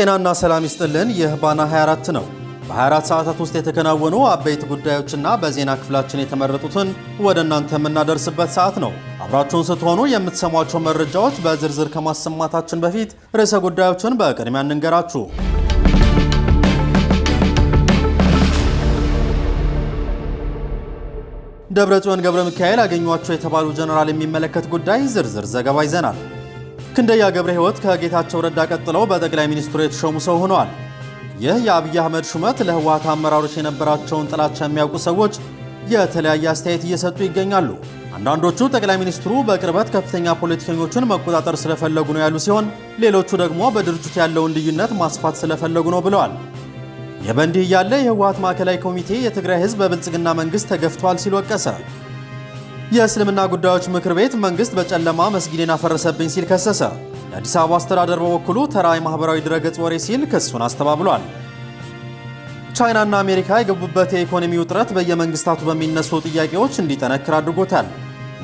ጤናና ሰላም ይስጥልን። ይህ ባና 24 ነው። በ24 ሰዓታት ውስጥ የተከናወኑ አበይት ጉዳዮችና በዜና ክፍላችን የተመረጡትን ወደ እናንተ የምናደርስበት ሰዓት ነው። አብራችሁን ስትሆኑ የምትሰሟቸው መረጃዎች በዝርዝር ከማሰማታችን በፊት ርዕሰ ጉዳዮችን በቅድሚያ እንንገራችሁ። ደብረ ጽዮን ገብረ ሚካኤል አገኟቸው የተባሉ ጀነራል የሚመለከት ጉዳይ ዝርዝር ዘገባ ይዘናል። ክንደያ ገብረ ሕይወት ከጌታቸው ረዳ ቀጥለው በጠቅላይ ሚኒስትሩ የተሾሙ ሰው ሆነዋል። ይህ የአብይ አህመድ ሹመት ለህወሓት አመራሮች የነበራቸውን ጥላቻ የሚያውቁ ሰዎች የተለያየ አስተያየት እየሰጡ ይገኛሉ። አንዳንዶቹ ጠቅላይ ሚኒስትሩ በቅርበት ከፍተኛ ፖለቲከኞችን መቆጣጠር ስለፈለጉ ነው ያሉ ሲሆን፣ ሌሎቹ ደግሞ በድርጅቱ ያለውን ልዩነት ማስፋት ስለፈለጉ ነው ብለዋል። ይህ በእንዲህ እያለ የህወሓት ማዕከላዊ ኮሚቴ የትግራይ ህዝብ በብልጽግና መንግሥት ተገፍቷል ሲል ወቀሰ። የእስልምና ጉዳዮች ምክር ቤት መንግስት በጨለማ መስጊዴን አፈረሰብኝ ሲል ከሰሰ። የአዲስ አበባ አስተዳደር በበኩሉ ተራ የማኅበራዊ ድረገጽ ወሬ ሲል ክሱን አስተባብሏል። ቻይናና አሜሪካ የገቡበት የኢኮኖሚ ውጥረት በየመንግስታቱ በሚነሱ ጥያቄዎች እንዲጠነክር አድርጎታል።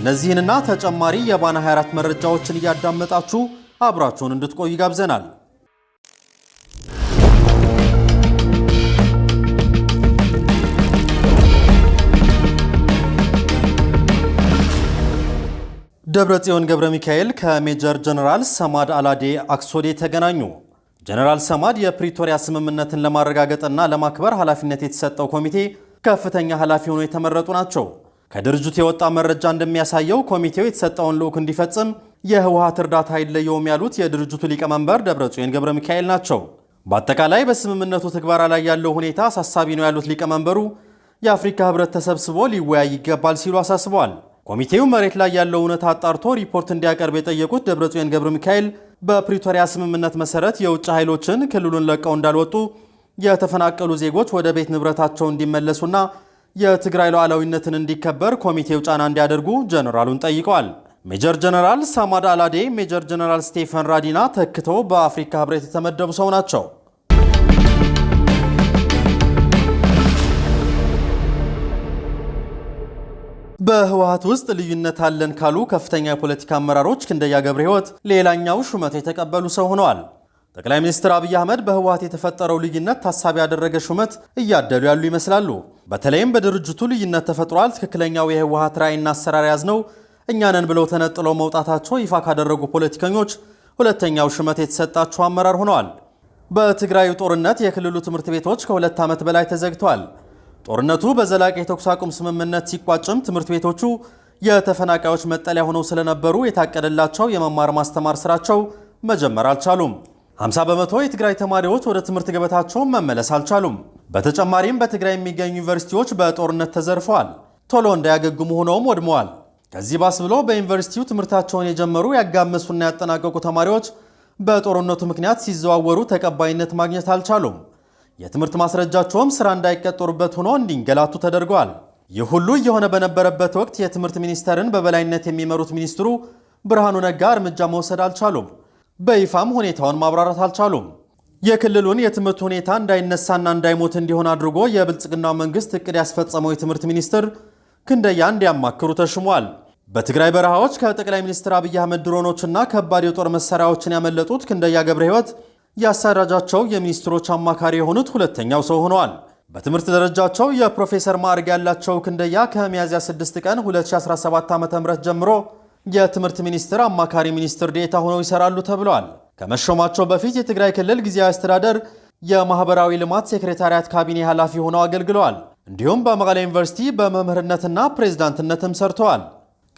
እነዚህንና ተጨማሪ የባና 24 መረጃዎችን እያዳመጣችሁ አብራችሁን እንድትቆዩ ጋብዘናል። ደብረ ጽዮን ገብረ ሚካኤል ከሜጀር ጀነራል ሰማድ አላዴ አክሶዴ ተገናኙ። ጀነራል ሰማድ የፕሪቶሪያ ስምምነትን ለማረጋገጥና ለማክበር ኃላፊነት የተሰጠው ኮሚቴ ከፍተኛ ኃላፊ ሆኖ የተመረጡ ናቸው። ከድርጅቱ የወጣ መረጃ እንደሚያሳየው ኮሚቴው የተሰጠውን ልዑክ እንዲፈጽም የህወሀት እርዳታ አይለየውም ያሉት የድርጅቱ ሊቀመንበር ደብረ ጽዮን ገብረ ሚካኤል ናቸው። በአጠቃላይ በስምምነቱ ትግበራ ላይ ያለው ሁኔታ አሳሳቢ ነው ያሉት ሊቀመንበሩ የአፍሪካ ህብረት ተሰብስቦ ሊወያይ ይገባል ሲሉ አሳስበዋል። ኮሚቴው መሬት ላይ ያለው እውነት አጣርቶ ሪፖርት እንዲያቀርብ የጠየቁት ደብረጽዮን ገብረ ሚካኤል በፕሪቶሪያ ስምምነት መሰረት የውጭ ኃይሎችን ክልሉን ለቀው እንዳልወጡ የተፈናቀሉ ዜጎች ወደ ቤት ንብረታቸው እንዲመለሱና የትግራይ ሉዓላዊነትን እንዲከበር ኮሚቴው ጫና እንዲያደርጉ ጀነራሉን ጠይቀዋል። ሜጀር ጀነራል ሳማድ አላዴ ሜጀር ጀነራል ስቴፈን ራዲና ተክተው በአፍሪካ ህብረት የተመደቡ ሰው ናቸው። በህወሀት ውስጥ ልዩነት አለን ካሉ ከፍተኛ የፖለቲካ አመራሮች ክንደያ ገብረ ህይወት ሌላኛው ሹመት የተቀበሉ ሰው ሆነዋል። ጠቅላይ ሚኒስትር አብይ አህመድ በህወሀት የተፈጠረው ልዩነት ታሳቢ ያደረገ ሹመት እያደሉ ያሉ ይመስላሉ። በተለይም በድርጅቱ ልዩነት ተፈጥሯል፣ ትክክለኛው የህወሀት ራዕይና አሰራር ያዝ ነው እኛንን ብለው ተነጥለው መውጣታቸው ይፋ ካደረጉ ፖለቲከኞች ሁለተኛው ሹመት የተሰጣቸው አመራር ሆነዋል። በትግራዩ ጦርነት የክልሉ ትምህርት ቤቶች ከሁለት ዓመት በላይ ተዘግተዋል። ጦርነቱ በዘላቂ የተኩስ አቁም ስምምነት ሲቋጭም ትምህርት ቤቶቹ የተፈናቃዮች መጠለያ ሆነው ስለነበሩ የታቀደላቸው የመማር ማስተማር ስራቸው መጀመር አልቻሉም። 50 በመቶ የትግራይ ተማሪዎች ወደ ትምህርት ገበታቸውን መመለስ አልቻሉም። በተጨማሪም በትግራይ የሚገኙ ዩኒቨርሲቲዎች በጦርነት ተዘርፈዋል፣ ቶሎ እንዳያገግሙ ሆነውም ወድመዋል። ከዚህ ባስ ብሎ በዩኒቨርሲቲው ትምህርታቸውን የጀመሩ ያጋመሱና ያጠናቀቁ ተማሪዎች በጦርነቱ ምክንያት ሲዘዋወሩ ተቀባይነት ማግኘት አልቻሉም። የትምህርት ማስረጃቸውም ስራ እንዳይቀጠሩበት ሆኖ እንዲንገላቱ ተደርገዋል። ይህ ሁሉ እየሆነ በነበረበት ወቅት የትምህርት ሚኒስቴርን በበላይነት የሚመሩት ሚኒስትሩ ብርሃኑ ነጋ እርምጃ መውሰድ አልቻሉም። በይፋም ሁኔታውን ማብራራት አልቻሉም። የክልሉን የትምህርት ሁኔታ እንዳይነሳና እንዳይሞት እንዲሆን አድርጎ የብልጽግናው መንግስት እቅድ ያስፈጸመው የትምህርት ሚኒስትር ክንደያ እንዲያማክሩ ተሽሟል። በትግራይ በረሃዎች ከጠቅላይ ሚኒስትር አብይ አህመድ ድሮኖችና ከባድ የጦር መሳሪያዎችን ያመለጡት ክንደያ ገብረ ህይወት። ያሳዳጃቸው የሚኒስትሮች አማካሪ የሆኑት ሁለተኛው ሰው ሆነዋል። በትምህርት ደረጃቸው የፕሮፌሰር ማዕረግ ያላቸው ክንደያ ከሚያዝያ 6 ቀን 2017 ዓ.ም ጀምሮ የትምህርት ሚኒስቴር አማካሪ ሚኒስትር ዴታ ሆነው ይሰራሉ ተብለዋል። ከመሾማቸው በፊት የትግራይ ክልል ጊዜያዊ አስተዳደር የማህበራዊ ልማት ሴክሬታሪያት ካቢኔ ኃላፊ ሆነው አገልግለዋል። እንዲሁም በመቀለ ዩኒቨርሲቲ በመምህርነትና ፕሬዝዳንትነትም ሰርተዋል።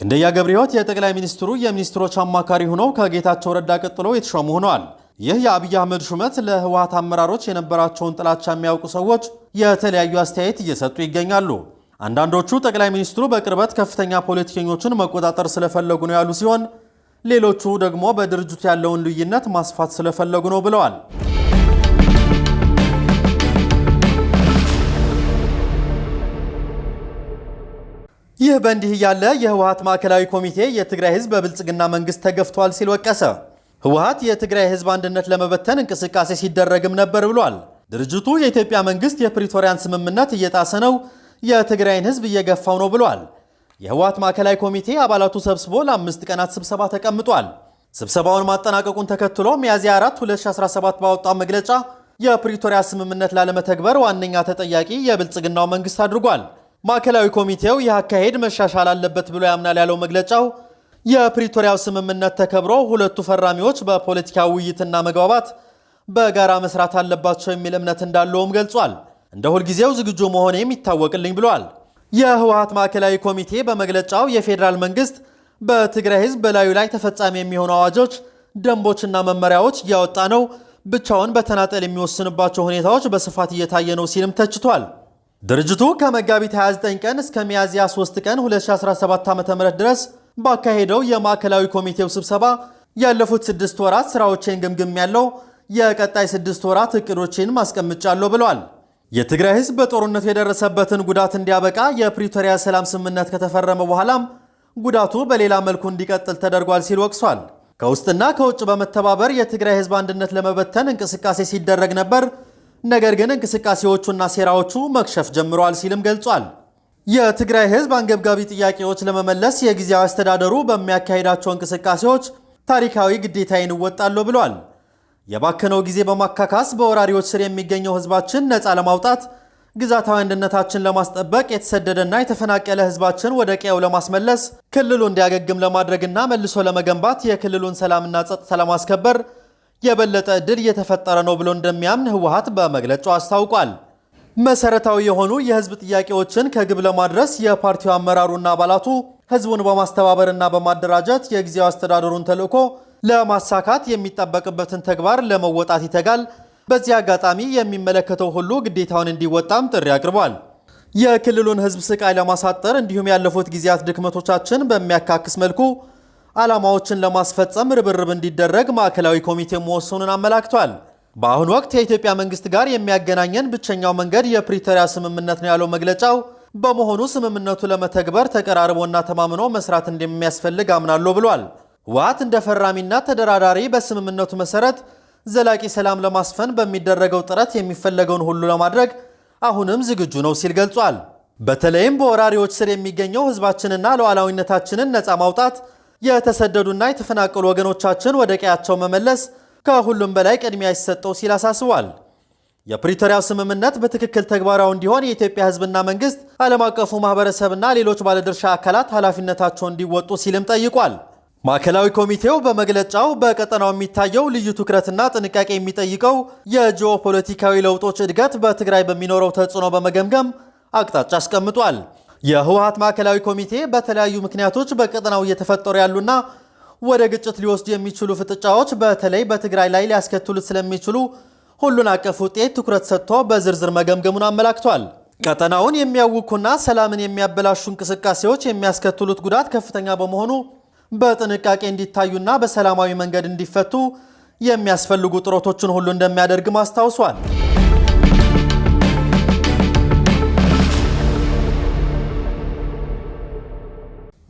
ክንደያ ገብረ የጠቅላይ ሚኒስትሩ የሚኒስትሮች አማካሪ ሆነው ከጌታቸው ረዳ ቀጥሎ የተሾሙ ሆነዋል። ይህ የአብይ አህመድ ሹመት ለህወሀት አመራሮች የነበራቸውን ጥላቻ የሚያውቁ ሰዎች የተለያዩ አስተያየት እየሰጡ ይገኛሉ። አንዳንዶቹ ጠቅላይ ሚኒስትሩ በቅርበት ከፍተኛ ፖለቲከኞችን መቆጣጠር ስለፈለጉ ነው ያሉ ሲሆን፣ ሌሎቹ ደግሞ በድርጅቱ ያለውን ልዩነት ማስፋት ስለፈለጉ ነው ብለዋል። ይህ በእንዲህ እያለ የህወሀት ማዕከላዊ ኮሚቴ የትግራይ ህዝብ በብልጽግና መንግስት ተገፍቷል ሲል ወቀሰ። ህወሀት የትግራይ ህዝብ አንድነት ለመበተን እንቅስቃሴ ሲደረግም ነበር ብሏል። ድርጅቱ የኢትዮጵያ መንግስት የፕሪቶሪያን ስምምነት እየጣሰ ነው፣ የትግራይን ህዝብ እየገፋው ነው ብሏል። የህወሀት ማዕከላዊ ኮሚቴ አባላቱ ሰብስቦ ለአምስት ቀናት ስብሰባ ተቀምጧል። ስብሰባውን ማጠናቀቁን ተከትሎ ሚያዝያ 4 2017 ባወጣው መግለጫ የፕሪቶሪያ ስምምነት ላለመተግበር ዋነኛ ተጠያቂ የብልጽግናው መንግስት አድርጓል። ማዕከላዊ ኮሚቴው ይህ አካሄድ መሻሻል አለበት ብሎ ያምናል ያለው መግለጫው የፕሪቶሪያው ስምምነት ተከብሮ ሁለቱ ፈራሚዎች በፖለቲካ ውይይትና መግባባት በጋራ መስራት አለባቸው የሚል እምነት እንዳለውም ገልጿል። እንደ ሁልጊዜው ዝግጁ መሆን ይታወቅልኝ ብሏል። የህወሀት ማዕከላዊ ኮሚቴ በመግለጫው የፌዴራል መንግስት በትግራይ ህዝብ በላዩ ላይ ተፈጻሚ የሚሆኑ አዋጆች፣ ደንቦችና መመሪያዎች እያወጣ ነው፣ ብቻውን በተናጠል የሚወስንባቸው ሁኔታዎች በስፋት እየታየ ነው ሲልም ተችቷል። ድርጅቱ ከመጋቢት 29 ቀን እስከ ሚያዝያ 3 ቀን 2017 ዓ ም ድረስ ባካሄደው የማዕከላዊ ኮሚቴው ስብሰባ ያለፉት ስድስት ወራት ስራዎችን ግምግም ያለው የቀጣይ ስድስት ወራት እቅዶችን ማስቀምጫለሁ ብለዋል። የትግራይ ህዝብ በጦርነቱ የደረሰበትን ጉዳት እንዲያበቃ የፕሪቶሪያ ሰላም ስምምነት ከተፈረመ በኋላም ጉዳቱ በሌላ መልኩ እንዲቀጥል ተደርጓል ሲል ወቅሷል። ከውስጥና ከውጭ በመተባበር የትግራይ ህዝብ አንድነት ለመበተን እንቅስቃሴ ሲደረግ ነበር። ነገር ግን እንቅስቃሴዎቹና ሴራዎቹ መክሸፍ ጀምረዋል ሲልም ገልጿል። የትግራይ ህዝብ አንገብጋቢ ጥያቄዎች ለመመለስ የጊዜያዊ አስተዳደሩ በሚያካሄዳቸው እንቅስቃሴዎች ታሪካዊ ግዴታዬን እወጣለሁ ብሏል። የባከነው ጊዜ በማካካስ በወራሪዎች ስር የሚገኘው ህዝባችን ነፃ ለማውጣት ግዛታዊ አንድነታችን ለማስጠበቅ የተሰደደና የተፈናቀለ ህዝባችን ወደ ቀየው ለማስመለስ ክልሉ እንዲያገግም ለማድረግና መልሶ ለመገንባት የክልሉን ሰላምና ጸጥታ ለማስከበር የበለጠ እድል እየተፈጠረ ነው ብሎ እንደሚያምን ህወሀት በመግለጫው አስታውቋል። መሰረታዊ የሆኑ የህዝብ ጥያቄዎችን ከግብ ለማድረስ የፓርቲው አመራሩና አባላቱ ህዝቡን በማስተባበርና በማደራጀት የጊዜያዊ አስተዳደሩን ተልዕኮ ለማሳካት የሚጠበቅበትን ተግባር ለመወጣት ይተጋል። በዚህ አጋጣሚ የሚመለከተው ሁሉ ግዴታውን እንዲወጣም ጥሪ አቅርቧል። የክልሉን ህዝብ ስቃይ ለማሳጠር እንዲሁም ያለፉት ጊዜያት ድክመቶቻችን በሚያካክስ መልኩ ዓላማዎችን ለማስፈጸም ርብርብ እንዲደረግ ማዕከላዊ ኮሚቴ መወሰኑን አመላክቷል። በአሁኑ ወቅት የኢትዮጵያ መንግስት ጋር የሚያገናኘን ብቸኛው መንገድ የፕሪቶሪያ ስምምነት ነው ያለው መግለጫው፣ በመሆኑ ስምምነቱ ለመተግበር ተቀራርቦና ተማምኖ መስራት እንደሚያስፈልግ አምናለሁ ብሏል። ህወሓት እንደ ፈራሚና ተደራዳሪ በስምምነቱ መሰረት ዘላቂ ሰላም ለማስፈን በሚደረገው ጥረት የሚፈለገውን ሁሉ ለማድረግ አሁንም ዝግጁ ነው ሲል ገልጿል። በተለይም በወራሪዎች ስር የሚገኘው ህዝባችንና ሉዓላዊነታችንን ነፃ ማውጣት፣ የተሰደዱና የተፈናቀሉ ወገኖቻችን ወደ ቀያቸው መመለስ ከሁሉም በላይ ቅድሚያ ይሰጠው ሲል አሳስቧል። የፕሪቶሪያው ስምምነት በትክክል ተግባራዊ እንዲሆን የኢትዮጵያ ሕዝብና መንግስት፣ ዓለም አቀፉ ማህበረሰብና ሌሎች ባለድርሻ አካላት ኃላፊነታቸውን እንዲወጡ ሲልም ጠይቋል። ማዕከላዊ ኮሚቴው በመግለጫው በቀጠናው የሚታየው ልዩ ትኩረትና ጥንቃቄ የሚጠይቀው የጂኦ ፖለቲካዊ ለውጦች እድገት በትግራይ በሚኖረው ተጽዕኖ በመገምገም አቅጣጫ አስቀምጧል። የህወሀት ማዕከላዊ ኮሚቴ በተለያዩ ምክንያቶች በቀጠናው እየተፈጠሩ ያሉና ወደ ግጭት ሊወስዱ የሚችሉ ፍጥጫዎች በተለይ በትግራይ ላይ ሊያስከትሉ ስለሚችሉ ሁሉን አቀፍ ውጤት ትኩረት ሰጥቶ በዝርዝር መገምገሙን አመላክቷል። ቀጠናውን የሚያውኩና ሰላምን የሚያበላሹ እንቅስቃሴዎች የሚያስከትሉት ጉዳት ከፍተኛ በመሆኑ በጥንቃቄ እንዲታዩና በሰላማዊ መንገድ እንዲፈቱ የሚያስፈልጉ ጥረቶችን ሁሉ እንደሚያደርግም አስታውሷል።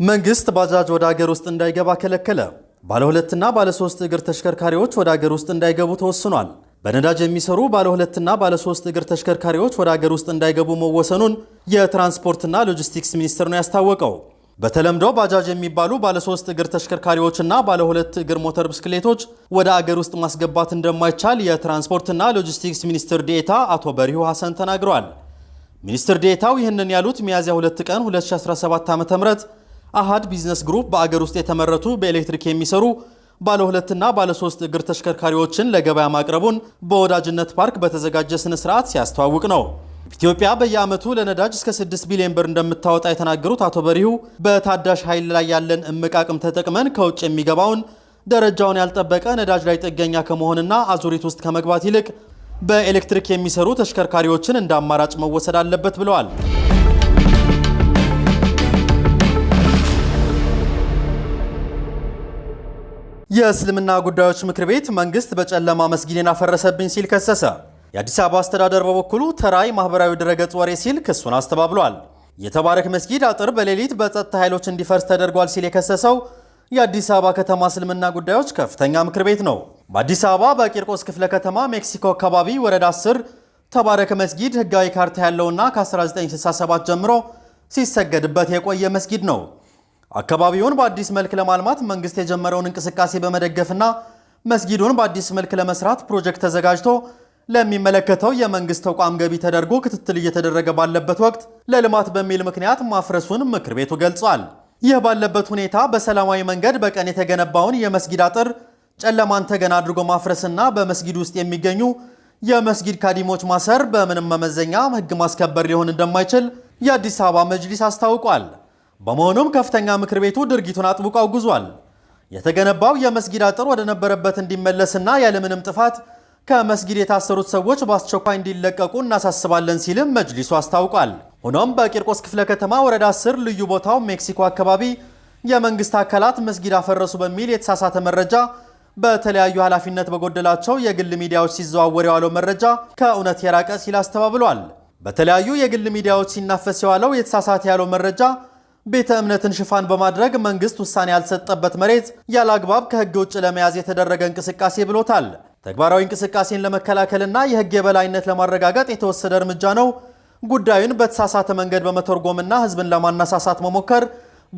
መንግስት ባጃጅ ወደ አገር ውስጥ እንዳይገባ ከለከለ። ባለ ሁለትና ባለ ሶስት እግር ተሽከርካሪዎች ወደ አገር ውስጥ እንዳይገቡ ተወስኗል። በነዳጅ የሚሰሩ ባለ ሁለትና ባለ ሶስት እግር ተሽከርካሪዎች ወደ አገር ውስጥ እንዳይገቡ መወሰኑን የትራንስፖርትና ሎጂስቲክስ ሚኒስቴር ነው ያስታወቀው። በተለምዶ ባጃጅ የሚባሉ ባለ ሶስት እግር ተሽከርካሪዎችና ባለ ሁለት እግር ሞተር ብስክሌቶች ወደ አገር ውስጥ ማስገባት እንደማይቻል የትራንስፖርትና ሎጂስቲክስ ሚኒስትር ዴኤታ አቶ በሪሁ ሐሰን ተናግረዋል። ሚኒስትር ዴኤታው ይህንን ያሉት ሚያዝያ 2 ቀን 2017 ዓ.ም አሃድ ቢዝነስ ግሩፕ በአገር ውስጥ የተመረቱ በኤሌክትሪክ የሚሰሩ ባለ ሁለትና ባለ ሶስት እግር ተሽከርካሪዎችን ለገበያ ማቅረቡን በወዳጅነት ፓርክ በተዘጋጀ ስነ ስርዓት ሲያስተዋውቅ ነው። ኢትዮጵያ በየዓመቱ ለነዳጅ እስከ 6 ቢሊዮን ብር እንደምታወጣ የተናገሩት አቶ በሪሁ በታዳሽ ኃይል ላይ ያለን እምቅ አቅም ተጠቅመን ከውጭ የሚገባውን ደረጃውን ያልጠበቀ ነዳጅ ላይ ጥገኛ ከመሆንና አዙሪት ውስጥ ከመግባት ይልቅ በኤሌክትሪክ የሚሰሩ ተሽከርካሪዎችን እንደ አማራጭ መወሰድ አለበት ብለዋል። የእስልምና ጉዳዮች ምክር ቤት መንግስት በጨለማ መስጊዴን አፈረሰብኝ ሲል ከሰሰ። የአዲስ አበባ አስተዳደር በበኩሉ ተራይ ማህበራዊ ድረገጽ ወሬ ሲል ክሱን አስተባብሏል። የተባረክ መስጊድ አጥር በሌሊት በጸጥታ ኃይሎች እንዲፈርስ ተደርጓል ሲል የከሰሰው የአዲስ አበባ ከተማ እስልምና ጉዳዮች ከፍተኛ ምክር ቤት ነው። በአዲስ አበባ በቂርቆስ ክፍለ ከተማ ሜክሲኮ አካባቢ ወረዳ 10 ተባረክ መስጊድ ህጋዊ ካርታ ያለውና ከ1967 ጀምሮ ሲሰገድበት የቆየ መስጊድ ነው። አካባቢውን በአዲስ መልክ ለማልማት መንግስት የጀመረውን እንቅስቃሴ በመደገፍና መስጊዱን በአዲስ መልክ ለመስራት ፕሮጀክት ተዘጋጅቶ ለሚመለከተው የመንግስት ተቋም ገቢ ተደርጎ ክትትል እየተደረገ ባለበት ወቅት ለልማት በሚል ምክንያት ማፍረሱን ምክር ቤቱ ገልጿል። ይህ ባለበት ሁኔታ በሰላማዊ መንገድ በቀን የተገነባውን የመስጊድ አጥር ጨለማን ተገና አድርጎ ማፍረስና በመስጊድ ውስጥ የሚገኙ የመስጊድ ካዲሞች ማሰር በምንም መመዘኛ ህግ ማስከበር ሊሆን እንደማይችል የአዲስ አበባ መጅሊስ አስታውቋል። በመሆኑም ከፍተኛ ምክር ቤቱ ድርጊቱን አጥብቆ አውግዟል። የተገነባው የመስጊድ አጥር ወደነበረበት እንዲመለስና ያለምንም ጥፋት ከመስጊድ የታሰሩት ሰዎች በአስቸኳይ እንዲለቀቁ እናሳስባለን ሲልም መጅሊሱ አስታውቋል። ሆኖም በቂርቆስ ክፍለ ከተማ ወረዳ ስር ልዩ ቦታው ሜክሲኮ አካባቢ የመንግስት አካላት መስጊድ አፈረሱ በሚል የተሳሳተ መረጃ በተለያዩ ኃላፊነት በጎደላቸው የግል ሚዲያዎች ሲዘዋወር የዋለው መረጃ ከእውነት የራቀ ሲል አስተባብሏል። በተለያዩ የግል ሚዲያዎች ሲናፈስ የዋለው የተሳሳተ ያለው መረጃ ቤተ እምነትን ሽፋን በማድረግ መንግስት ውሳኔ ያልሰጠበት መሬት ያለ አግባብ ከህግ ውጭ ለመያዝ የተደረገ እንቅስቃሴ ብሎታል። ተግባራዊ እንቅስቃሴን ለመከላከልና የህግ የበላይነት ለማረጋገጥ የተወሰደ እርምጃ ነው። ጉዳዩን በተሳሳተ መንገድ በመተርጎምና ህዝብን ለማነሳሳት መሞከር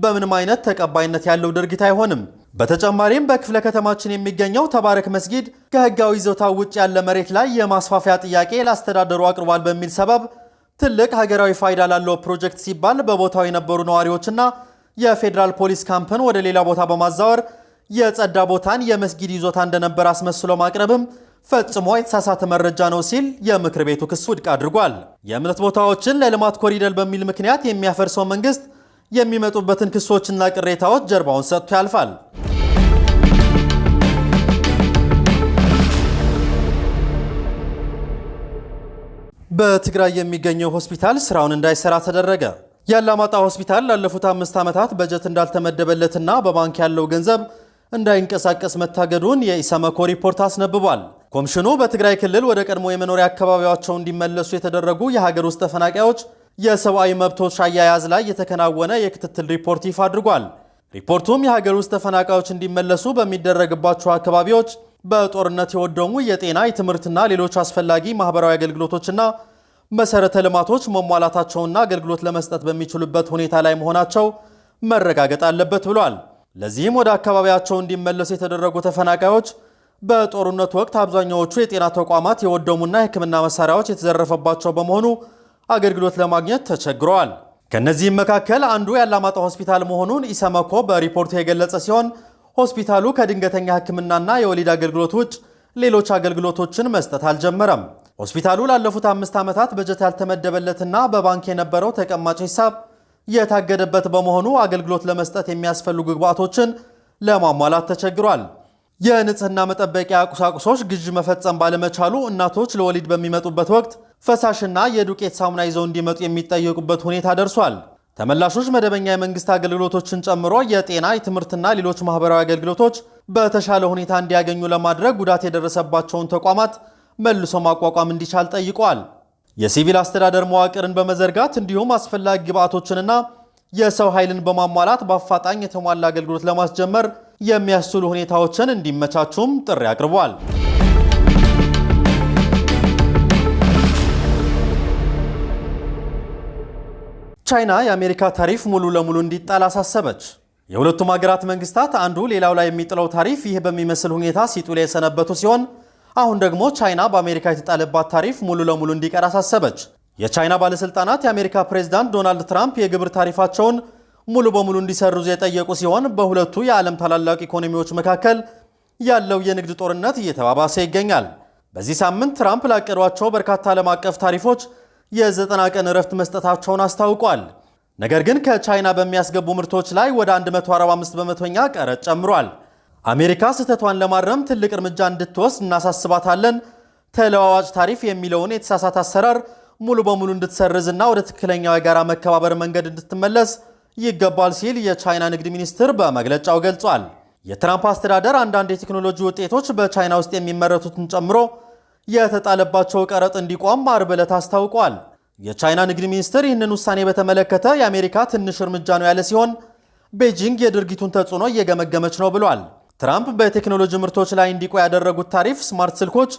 በምንም አይነት ተቀባይነት ያለው ድርጊት አይሆንም። በተጨማሪም በክፍለ ከተማችን የሚገኘው ተባረክ መስጊድ ከህጋዊ ይዞታ ውጭ ያለ መሬት ላይ የማስፋፊያ ጥያቄ ላስተዳደሩ አቅርቧል በሚል ሰበብ ትልቅ ሀገራዊ ፋይዳ ላለው ፕሮጀክት ሲባል በቦታው የነበሩ ነዋሪዎችና የፌዴራል ፖሊስ ካምፕን ወደ ሌላ ቦታ በማዛወር የጸዳ ቦታን የመስጊድ ይዞታ እንደነበር አስመስሎ ማቅረብም ፈጽሞ የተሳሳተ መረጃ ነው ሲል የምክር ቤቱ ክስ ውድቅ አድርጓል። የእምነት ቦታዎችን ለልማት ኮሪደር በሚል ምክንያት የሚያፈርሰው መንግስት የሚመጡበትን ክሶችና ቅሬታዎች ጀርባውን ሰጥቶ ያልፋል። በትግራይ የሚገኘው ሆስፒታል ስራውን እንዳይሰራ ተደረገ። የአላማጣ ሆስፒታል ላለፉት አምስት ዓመታት በጀት እንዳልተመደበለትና በባንክ ያለው ገንዘብ እንዳይንቀሳቀስ መታገዱን የኢሰመኮ ሪፖርት አስነብቧል። ኮሚሽኑ በትግራይ ክልል ወደ ቀድሞ የመኖሪያ አካባቢያቸው እንዲመለሱ የተደረጉ የሀገር ውስጥ ተፈናቃዮች የሰብአዊ መብቶች አያያዝ ላይ የተከናወነ የክትትል ሪፖርት ይፋ አድርጓል። ሪፖርቱም የሀገር ውስጥ ተፈናቃዮች እንዲመለሱ በሚደረግባቸው አካባቢዎች በጦርነት የወደሙ የጤና የትምህርትና ሌሎች አስፈላጊ ማህበራዊ አገልግሎቶችና መሰረተ ልማቶች መሟላታቸውና አገልግሎት ለመስጠት በሚችሉበት ሁኔታ ላይ መሆናቸው መረጋገጥ አለበት ብሏል። ለዚህም ወደ አካባቢያቸው እንዲመለሱ የተደረጉ ተፈናቃዮች በጦርነቱ ወቅት አብዛኛዎቹ የጤና ተቋማት የወደሙና የሕክምና መሳሪያዎች የተዘረፈባቸው በመሆኑ አገልግሎት ለማግኘት ተቸግረዋል። ከእነዚህም መካከል አንዱ የአላማጣ ሆስፒታል መሆኑን ኢሰመኮ በሪፖርቱ የገለጸ ሲሆን ሆስፒታሉ ከድንገተኛ ሕክምናና የወሊድ አገልግሎት ውጭ ሌሎች አገልግሎቶችን መስጠት አልጀመረም። ሆስፒታሉ ላለፉት አምስት ዓመታት በጀት ያልተመደበለትና በባንክ የነበረው ተቀማጭ ሂሳብ የታገደበት በመሆኑ አገልግሎት ለመስጠት የሚያስፈልጉ ግብዓቶችን ለማሟላት ተቸግሯል። የንጽህና መጠበቂያ ቁሳቁሶች ግዥ መፈጸም ባለመቻሉ እናቶች ለወሊድ በሚመጡበት ወቅት ፈሳሽና የዱቄት ሳሙና ይዘው እንዲመጡ የሚጠየቁበት ሁኔታ ደርሷል። ተመላሾች መደበኛ የመንግስት አገልግሎቶችን ጨምሮ የጤና የትምህርትና ሌሎች ማህበራዊ አገልግሎቶች በተሻለ ሁኔታ እንዲያገኙ ለማድረግ ጉዳት የደረሰባቸውን ተቋማት መልሶ ማቋቋም እንዲቻል ጠይቋል። የሲቪል አስተዳደር መዋቅርን በመዘርጋት እንዲሁም አስፈላጊ ግብዓቶችንና የሰው ኃይልን በማሟላት በአፋጣኝ የተሟላ አገልግሎት ለማስጀመር የሚያስችሉ ሁኔታዎችን እንዲመቻቹም ጥሪ አቅርቧል። ቻይና የአሜሪካ ታሪፍ ሙሉ ለሙሉ እንዲጣል አሳሰበች። የሁለቱም ሀገራት መንግስታት አንዱ ሌላው ላይ የሚጥለው ታሪፍ ይህ በሚመስል ሁኔታ ሲጡል የሰነበቱ ሲሆን አሁን ደግሞ ቻይና በአሜሪካ የተጣለባት ታሪፍ ሙሉ ለሙሉ እንዲቀር አሳሰበች። የቻይና ባለሥልጣናት የአሜሪካ ፕሬዝዳንት ዶናልድ ትራምፕ የግብር ታሪፋቸውን ሙሉ በሙሉ እንዲሰርዙ የጠየቁ ሲሆን በሁለቱ የዓለም ታላላቅ ኢኮኖሚዎች መካከል ያለው የንግድ ጦርነት እየተባባሰ ይገኛል። በዚህ ሳምንት ትራምፕ ላቀዷቸው በርካታ ዓለም አቀፍ ታሪፎች የ ቀን እረፍት መስጠታቸውን አስታውቋል። ነገር ግን ከቻይና በሚያስገቡ ምርቶች ላይ ወደ 145 በመቶኛ ቀረጥ ጨምሯል። አሜሪካ ስህተቷን ለማረም ትልቅ እርምጃ እንድትወስድ እናሳስባታለን። ተለዋዋጭ ታሪፍ የሚለውን የተሳሳት አሰራር ሙሉ በሙሉ እንድትሰርዝና ወደ ትክክለኛው የጋራ መከባበር መንገድ እንድትመለስ ይገባል ሲል የቻይና ንግድ ሚኒስትር በመግለጫው ገልጿል። የትራምፕ አስተዳደር አንዳንድ የቴክኖሎጂ ውጤቶች በቻይና ውስጥ የሚመረቱትን ጨምሮ የተጣለባቸው ቀረጥ እንዲቆም አርብ ዕለት አስታውቋል። የቻይና ንግድ ሚኒስትር ይህንን ውሳኔ በተመለከተ የአሜሪካ ትንሽ እርምጃ ነው ያለ ሲሆን ቤጂንግ የድርጊቱን ተጽዕኖ እየገመገመች ነው ብሏል። ትራምፕ በቴክኖሎጂ ምርቶች ላይ እንዲቆይ ያደረጉት ታሪፍ ስማርት ስልኮች፣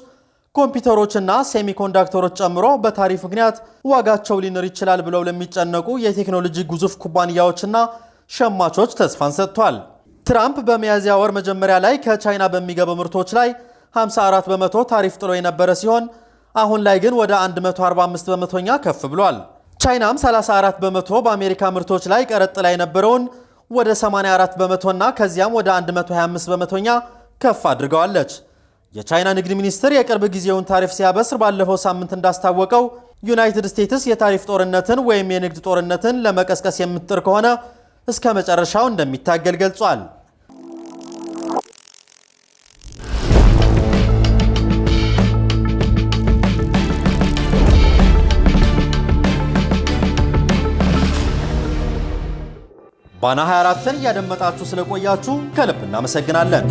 ኮምፒውተሮችና ሴሚኮንዳክተሮች ጨምሮ በታሪፍ ምክንያት ዋጋቸው ሊንር ይችላል ብለው ለሚጨነቁ የቴክኖሎጂ ግዙፍ ኩባንያዎችና ሸማቾች ተስፋን ሰጥቷል። ትራምፕ በሚያዝያ ወር መጀመሪያ ላይ ከቻይና በሚገቡ ምርቶች ላይ 54 በመቶ ታሪፍ ጥሎ የነበረ ሲሆን አሁን ላይ ግን ወደ 145 በመቶኛ ከፍ ብሏል። ቻይናም 34 በመቶ በአሜሪካ ምርቶች ላይ ቀረጥ ላይ የነበረውን ወደ 84 በመቶና ከዚያም ወደ 125 በመቶኛ ከፍ አድርገዋለች። የቻይና ንግድ ሚኒስትር የቅርብ ጊዜውን ታሪፍ ሲያበስር ባለፈው ሳምንት እንዳስታወቀው ዩናይትድ ስቴትስ የታሪፍ ጦርነትን ወይም የንግድ ጦርነትን ለመቀስቀስ የምትጥር ከሆነ እስከ መጨረሻው እንደሚታገል ገልጿል። ባና 24ን እያደመጣችሁ ስለቆያችሁ ከልብ እናመሰግናለን።